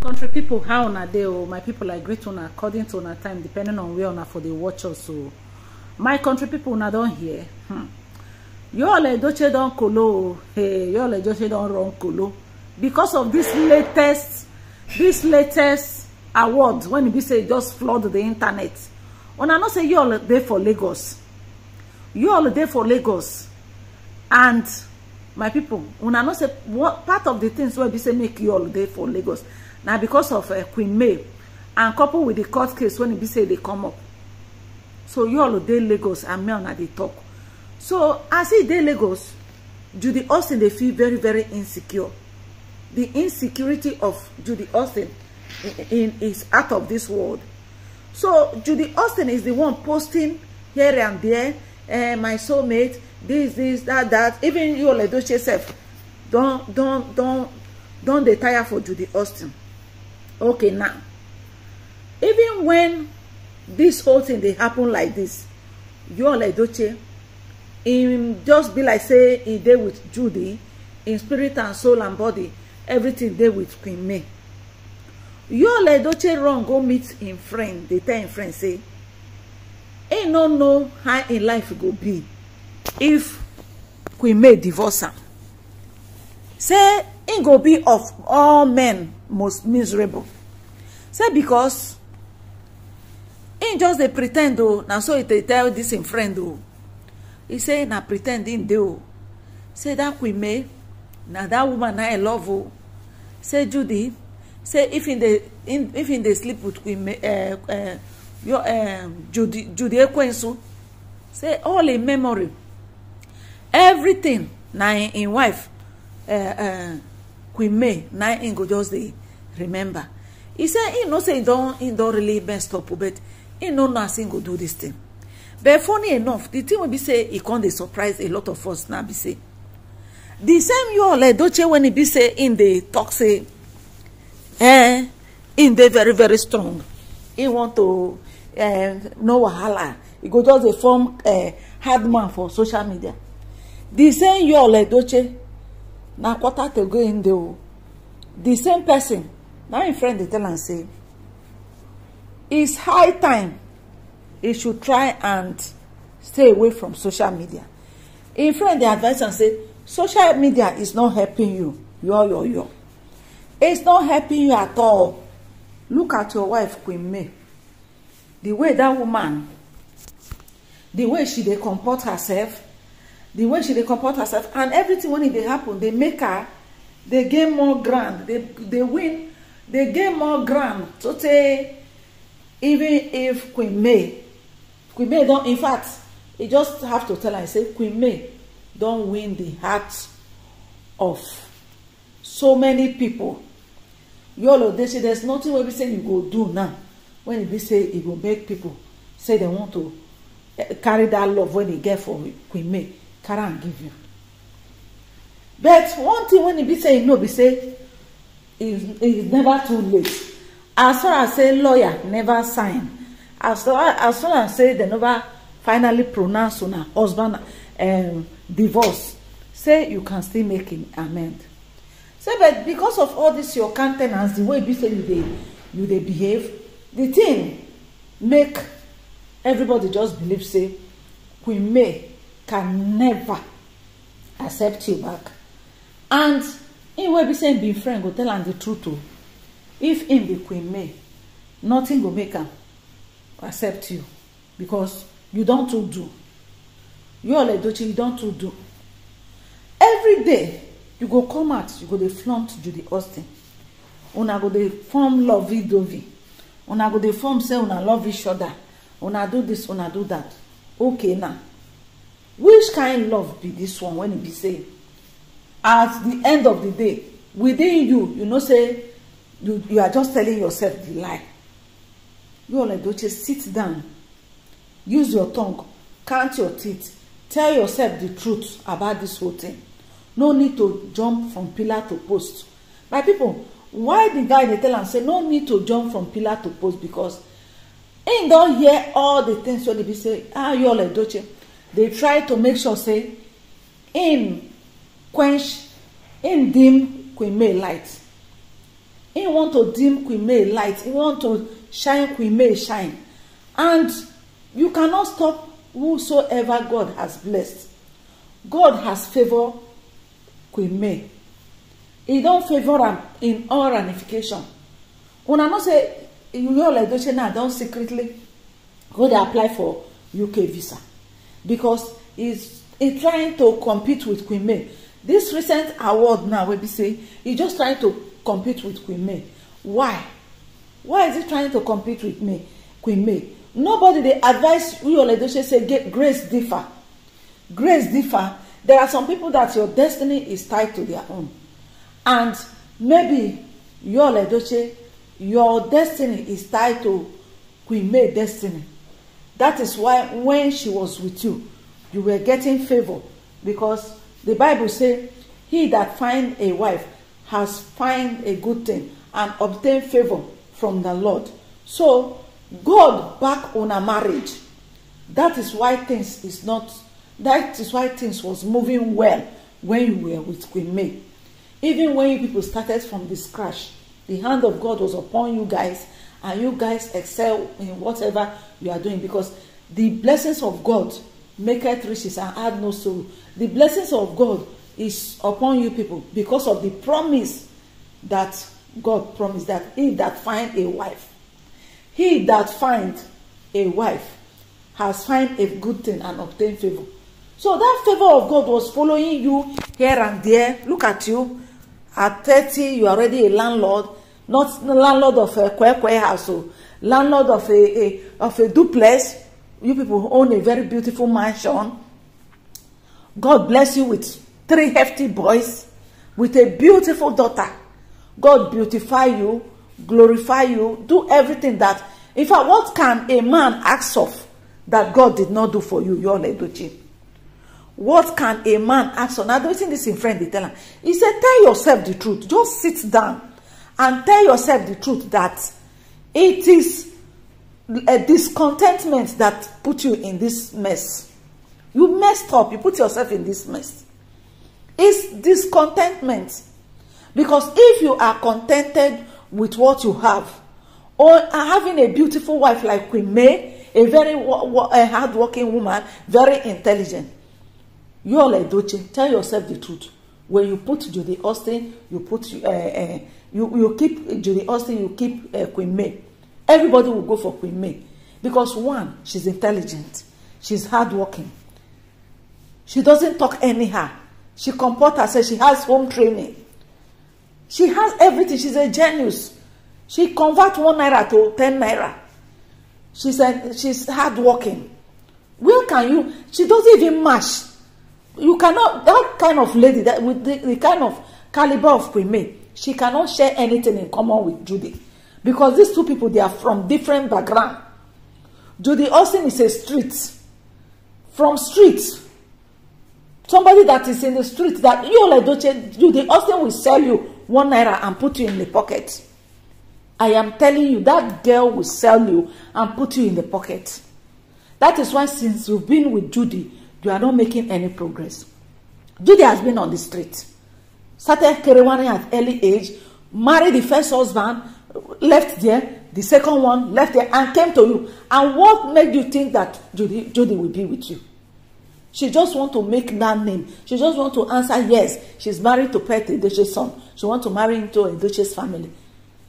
country people, how una dey Oh, my people i greet una according to una time depending on where una for dey watch us o oh. my country people una don hear hmm yoole edoche don kolo o oh. hey yoole edoche don run kolo because of this latest this latest award when e be say e just flood the internet una know say yoole dey for lagos yoole dey for lagos and my pipo una know say part of the things wey be say make yoole dey for lagos Now, because of uh, queen may and coupled with the court case when e be say they come up so you all day lagos and mel that they talk so as e day lagos judy austin they feel very very insecure the insecurity of judy austin in, in is out of this world so judy austin is the one posting here and there uh, my soulmate this this that that even you all sef don don't don't don dey tire for judy austin okay now even when this whole thing they happen like this you Yul Edochie In just be like say he dey with Judy in spirit and soul and body everything dey with Queen May You Yul Edochie run go meet in friend They tell him friend say ain't no know how in life go be if Queen May divorce am say him go be of all men most miserable say because him just they pretend oh, now so he dey tell this him friend oh, he say na pre ten d say that queen may na that woman na i love oh, say judy say if him dey if in they sleep with queen may uh, uh, your, um judy judy ekwensu say all in memory everything na in wife uh, uh, queen may na im go just dey remember He say im know say im don really mess up but im no know as im go do this thing but funny enough the thing wey be say e come dey surprise a lot of us now be say The same yall doche when e be say im dey talk say eh im dey very very strong He want to eh no wahala he go just dey form eh, hard man for social media The same yall doche na quarter to go in there, the same person Now, my friend dey tell am say it's high time he should try and stay away from social media im friend dey advise am say social media is not helping you yo yo yo it's not helping you at all look at your wife queen may the way that woman the way she dey comport herself the way she dey comport herself and everything when it they happen they make her they gain more grand. They they win they gain more grand. so tey even if queen may queen may don't. in fact you e just have to tell am e say queen may don't win the heart of so many people yolo they say there's nothing wey be say you go do now when e be say it e will make people say they want to eh, carry that love when they get for queen may carry am give you but one thing wey e be say you know be say e e never too late as far as say lawyer never sign as far as far as say dem never finally pronounce una husband um, divorce say you can still make him amend say but because of all this your con ten ance the way be say you dey you dey behave the thing make everybody just believe say queen may can never accept you back and him wey be say him be friend go tell am the truth o if him be queen may nothing go make am accept you because you don too do you ole dochi you don too do every day you go come out you go dey flaunt judy austin una go dey form lovey dovey una go dey form say una love each other una do this una do that okay now which kind love be this one when e be say at the end of the day within you you know say you you are just telling yourself the lie you oladoche sit down use your tongue count your teeth tell yourself the truth about this whole thing no need to jump from pillar to post my people why the guy dey tell am say no need to jump from pillar to post because him don hear all the things wey dey be say ah you oladoche They try to make sure say im quench im dim queen may light im want to dim queen may light im want to shine queen may shine and you cannot stop whosoever god has blessed god has favour queen may e don favour am in all ramification una know say you know yuli oledoche now don secretly go dey apply for uk visa because he's he's trying to compete with queen may this recent award now wey be saying he's just trying to compete with queen may why why is he trying to compete with me, queen may nobody They advise you oladoshe say get grace differ grace differ there are some people that your destiny is tied to their own and maybe your oladoshe your destiny is tied to queen may destiny That is why when she was with you, you were getting favor because the Bible says, He that find a wife has find a good thing and obtain favor from the Lord. So God back on a marriage. That is why things is not that is why things was moving well when you were with Queen May. Even when you people started from this crash, the hand of God was upon you guys and you guys excel in whatever you are doing because the blessings of God make it riches and add no sorrow the blessings of God is upon you people because of the promise that God promised that he that find a wife he that find a wife has find a good thing and obtain favour so that favour of God was following you here and there look at you at thirty you are already a landlord not landlord of a kwekwe house o oh. landlord of a a of a duplex you people own a very beautiful mansion god bless you with three hefty boys with a beautiful daughter god beautify you glorify you do everything that in fact what can a man ask of that god did not do for you your ledochi what can a man ask of now the reason this in friend dey tell am he say tell yourself the truth just sit down and tell yourself the truth that it is a discontentment that put you in this mess you messed up you put yourself in this mess it's discontentment because if you are contented with what you have or having a beautiful wife like Queen May a very a hardworking woman very intelligent you like edoche tell yourself the truth when you put Judy Austin, you put uh, uh, you you keep Judy Austin, you keep uh, Queen May. Everybody will go for Queen May because one, she's intelligent, she's hardworking, she doesn't talk anyhow, she comport herself, she has home training, she has everything. She's a genius. She convert one naira to ten naira. She's a, she's hardworking. Where can you? She doesn't even match you cannot that kind of lady that with the, the kind of caliber of Queen she cannot share anything in common with Judy because these two people they are from different background Judy Austin is a street from street somebody that is in the street that you like don't change. Judy Austin will sell you one naira and put you in the pocket I am telling you that girl will sell you and put you in the pocket that is why since you've been with Judy you are not making any progress. Judy has been on the street, started kerewani at early age, married the first husband, left there, the second one left there, and came to you. And what made you think that Judy, Judy will be with you? She just want to make that name. She just want to answer yes. She's married to Pet Edoche's son. She want to marry into Edoche's family.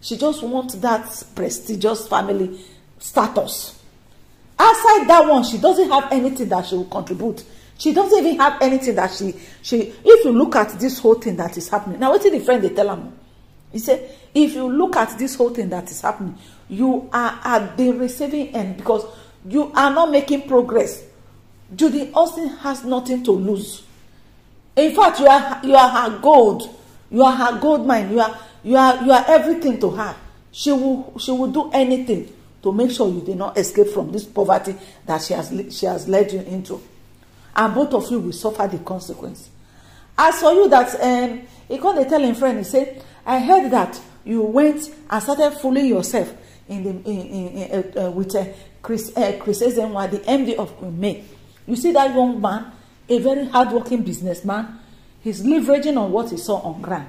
She just want that prestigious family status outside that one she doesn't have anything that she will contribute she doesn't even have anything that she she if you look at this whole thing that is happening now wetin the friend dey tell am he say if you look at this whole thing that is happening you are at the receiving end because you are not making progress judy austin has nothing to lose in fact you are you are her gold you are her gold mine you are you are you are everything to her she will she will do anything to make sure you did not escape from this poverty that she has she has led you into and both of you will suffer the consequence as for you that um, he come dey tell him friend he say i heard that you went and started fooling yourself in the in in, in uh, uh, with uh, chris uh, chris ezenwa the md of queen may you see that young man a very hardworking businessman he's leveraging on what he saw on ground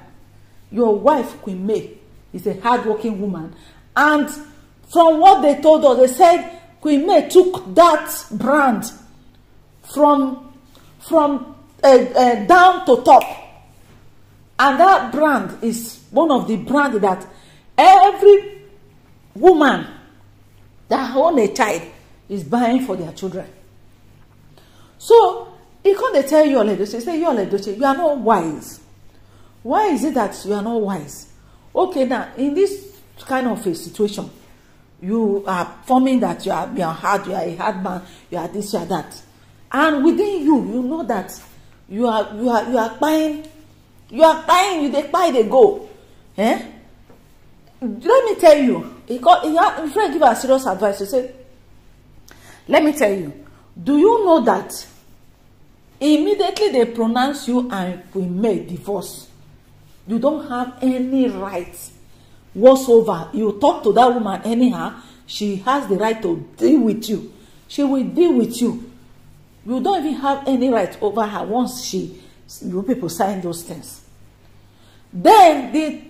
your wife queen may is a hardworking woman and From what they told us, they said Queen May took that brand from from uh, uh, down to top, and that brand is one of the brand that every woman that own a child is buying for their children. So e come dey tell you Oledoche say you Oledoche you are not wise. Why is it that you are not wise? Okay now in this kind of a situation you are forming that you are being hard you are a hard man you are this you are that and within you you know that you are you are you are kpai you are kpai you dey kpai dey go eh let me tell you he call he ha friend give her serious advice he say let me tell you do you know that immediately they pronounce you and we may divorce you don't have any rights." whatsoever you talk to that woman anyhow she has the right to deal with you she will deal with you you don't even have any right over her once she you people sign those things then the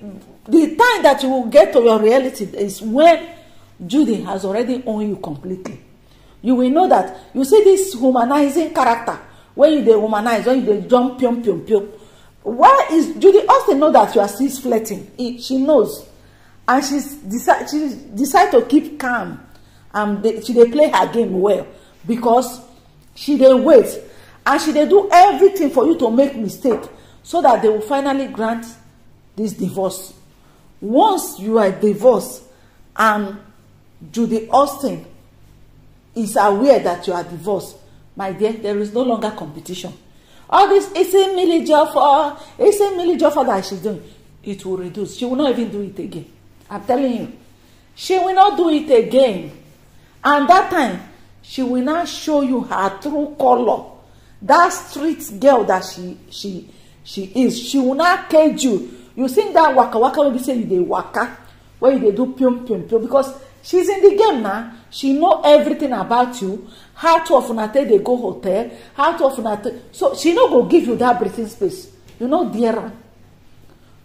the time that you will get to your reality is when judy has already owned you completely you will know that you see this humanizing character when you dey humanize when you dey jump pium pium pium why is judy austin know that you are still flirting he, she knows and she decide she decide to keep calm and dey she dey play her game well because she dey wait and she dey do everything for you to make mistake so that they will finally grant this divorce once you are divorced and judy austin is aware that you are divorced my dear there is no longer competition all this ese milijofor ese milijofor that she doing it will reduce she will not even do it again I'm telling you. She will not do it again. And that time, she will not show you her true color. That street girl that she she she is, she will not cage you. You see that waka waka wey be say they dey waka, where you do pium pium pium because she's in the game now. She know everything about you. How to of una go hotel, how to of so she not go give you that breathing space. You know, dear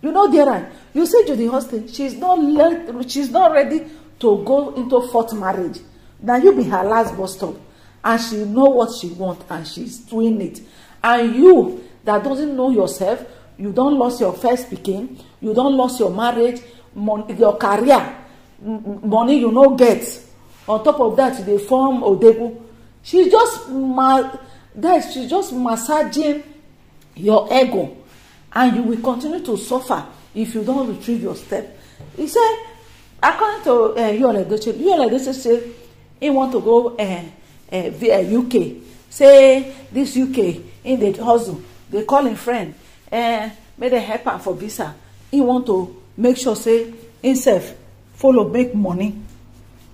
you no get right you see judy austin she's not le she's not ready to go into fourth marriage na you be her last bus stop and she know what she want and she's doing it and you that doesn't know yourself you don lost your first pikin you don lost your marriage money your career money you no get on top of that you dey form odebu she just ma guys she just massaging your ego and you will continue to suffer if you don't retrieve your step he said according to uh, you Edochie Yul Edochie say he want to go uh, uh, UK say this UK in the hustle they call him friend uh, made a helper for visa he want to make sure say himself follow make money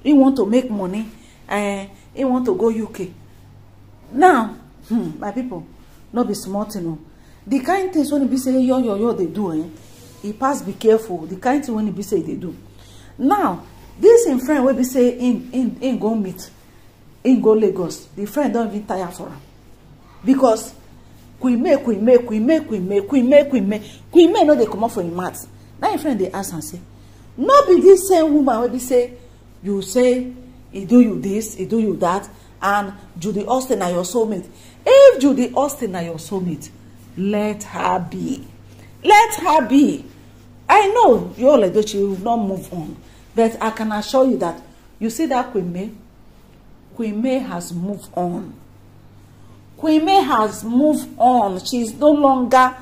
he want to make money uh, he want to go UK now hmm, my people not be smart thing oh. the kind things when you be say yo yo yo they do eh e pass be careful the kind thing when you be say they do now this in friend wey be say in, in, in go meet in go lagos the friend don't even tire for him because we we we we make, make, make, make, we make, we make. We kwime kwime they come up for im mouth Now im friend they ask and say no be this same woman wey be say you say he do you this he do you that and judy austin are your soulmate if judy austin are your soulmate let her be let her be i know Yul she will not move on but i can assure you that you see that Queen May Queen May has moved on Queen May has moved on she's no longer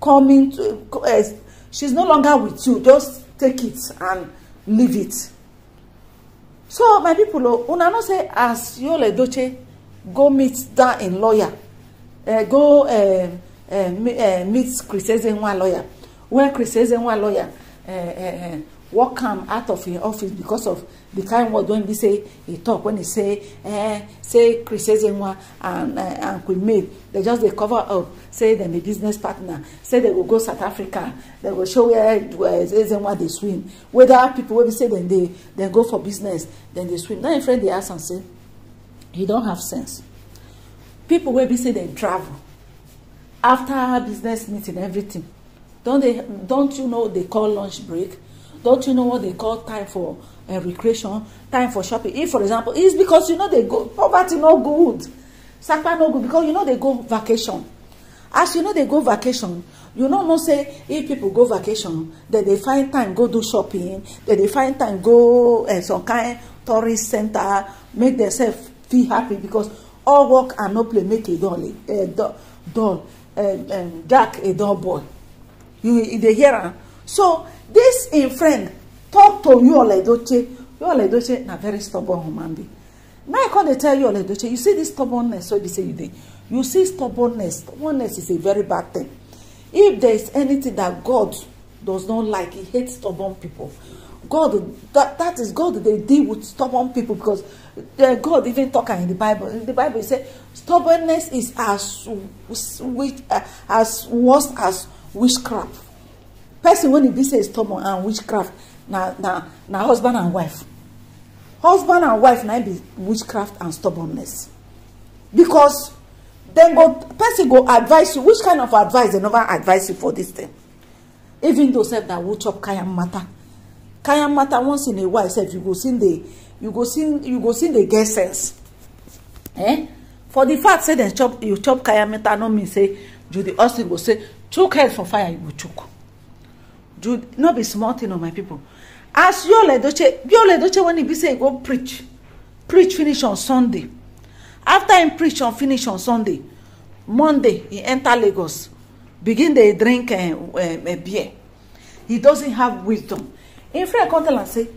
coming to uh, she's no longer with you just take it and leave it so my people oh, una know say as Yul Edochie go meet that in lawyer uh, go uh, Eh, eh, meet chris ezenwa lawyer When chris ezenwa lawyer eh, walk am out of his office because of the kind word wey he say he talk when he say say chris ezenwa and and queen may they just they cover up say they're a business partner say they will go south africa they will show where ezenwa they swim whether people will be say then they dem go for business then they swim Then im friend they ask and say you don't have sense people will be say they travel after business meeting everything don't they don't you know they call lunch break don't you know what they call time for uh, recreation time for shopping if for example it's because you know they go poverty no good sapa no good because you know they go vacation as you know they go vacation you know, no say if people go vacation then they find time go do shopping then they find time go uh, some kind tourist center make themselves feel happy because all work and no play make a dull a, uh, a dull um, jack um, a dull boy you you dey hear am so this im friend talk to yuola edoche yuola edoche na very stubborn human being now i come dey tell yuola edoche you see this stubbornness wey so be say you dey you see stubbornness stubbornness is a very bad thing if there is anything that god does not like he hates stubborn people god that that is god dey deal with stubborn people because God even talk in the Bible. In the Bible, he said, stubbornness is as which uh, as worse as witchcraft. Person when he be say stubborn and witchcraft, now now now husband and wife. Husband and wife now be witchcraft and stubbornness. Because then go person go advise you which kind of advice dem never advise you for this thing even though said that who chop kaya matter kaya matter once in a while said you go see the you go see you go see dey get sense eh for the fact say dem chop you chop kaya meter no mean say judy austin go say chook head for fire you go chook judy no be small thing o my people as yole doche, yole doche when e be say e go preach preach finish on sunday after im preach on finish on sunday monday e enter lagos begin dey drink uh, uh, beer he doesn't have wisdom im friend come tell am say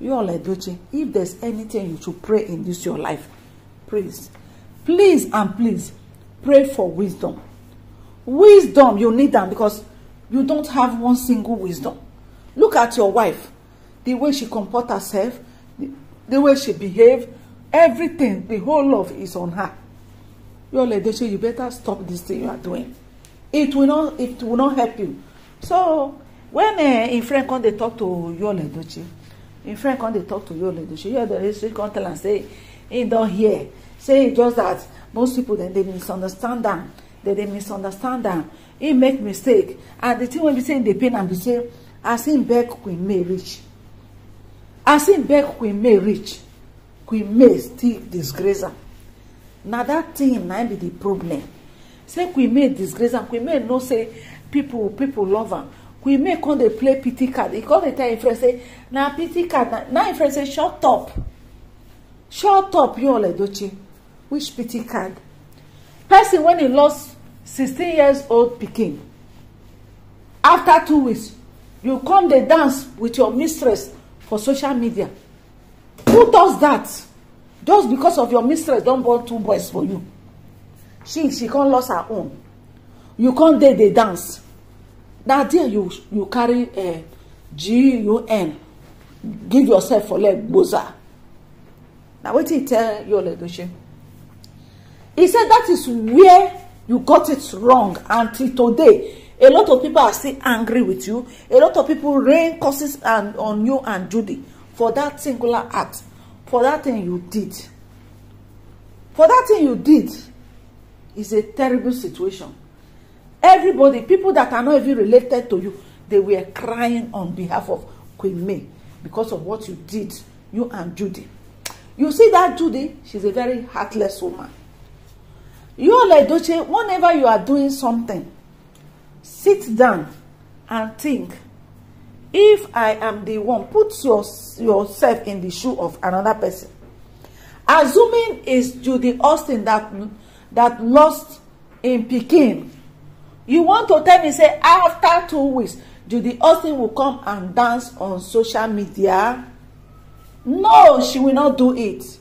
you all like Doche, if there's anything you should pray in this your life, please, please and please pray for wisdom. Wisdom, you need them because you don't have one single wisdom. Look at your wife, the way she comport herself, the, the way she behave, everything, the whole love is on her. You all like Doche, you better stop this thing you are doing. It will not, it will not help you. So when uh, in Frank, they talk to Yul Edochie, In friend come dey talk to you oledo she hear the history come tell am say he don hear say e just that most people dem dey misunderstand am dem dey misunderstand am he make mistake and the thing wey be say dey pain am be say as him beg queen may reach as him beg queen may reach queen may still disgrace am na that thing na be the problem say queen may disgrace am queen may know say people people love am we make come dey play pity card He come dey tell im friend say na pity card na now im friend say shut up shut up you all doche which pity card person when he lost sixteen years old pikin after two weeks you come dey dance with your mistress for social media who does that just because of your mistress don born two boys for you she she come lost her own you come dey dey dance na there you you carry uh, eh, gun give yourself for leg gboza na wetin he tell yul edochie he say that is where you got it wrong until today a lot of people are still angry with you a lot of people rain curses and on you and judy for that singular act for that thing you did for that thing you did is a terrible situation everybody people that are not even related to you they were crying on behalf of queen may because of what you did you and judy you see that judy she's a very heartless woman you all like doche whenever you are doing something sit down and think if i am the one put your yourself in the shoe of another person assuming it's judy austin that that lost in Peking you want to tell me say after two weeks judy austin will come and dance on social media no she will not do it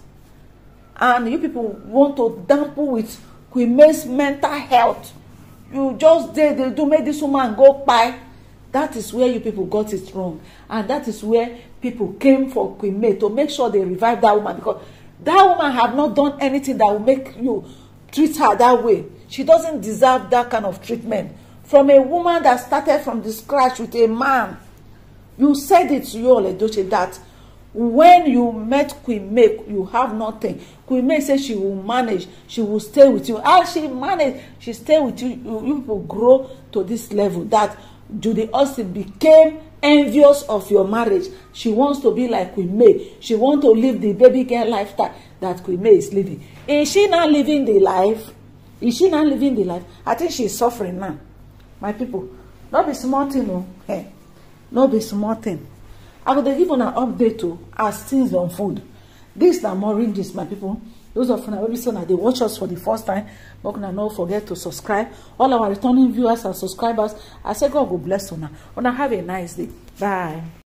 and you people want to dampen with Queen May's mental health you just dey dey do make this woman go kpai that is where you people got it wrong and that is where people came for Queen May to make sure they revive that woman because that woman have not done anything that will make you treat her that way she doesn't deserve that kind of treatment from a woman that started from the scratch with a man you said it to Yul Edochie that when you met Queen May you have nothing Queen May say she will manage she will stay with you as she manage she stay with you you, you people grow to this level that Judy Austin became envious of your marriage she wants to be like queen may she want to live the baby girl lifestyle that queen may is living is she now living the life is she now living the life i think she is suffering now my people no be small thing o eh no be small thing i go dey give una update o oh, as things unfold. fold this na more ringes my people those of una wey be say una dey watch us for the first time make una no forget to subscribe all our returning viewers and subscribers i say god will bless you una una have a nice day bye.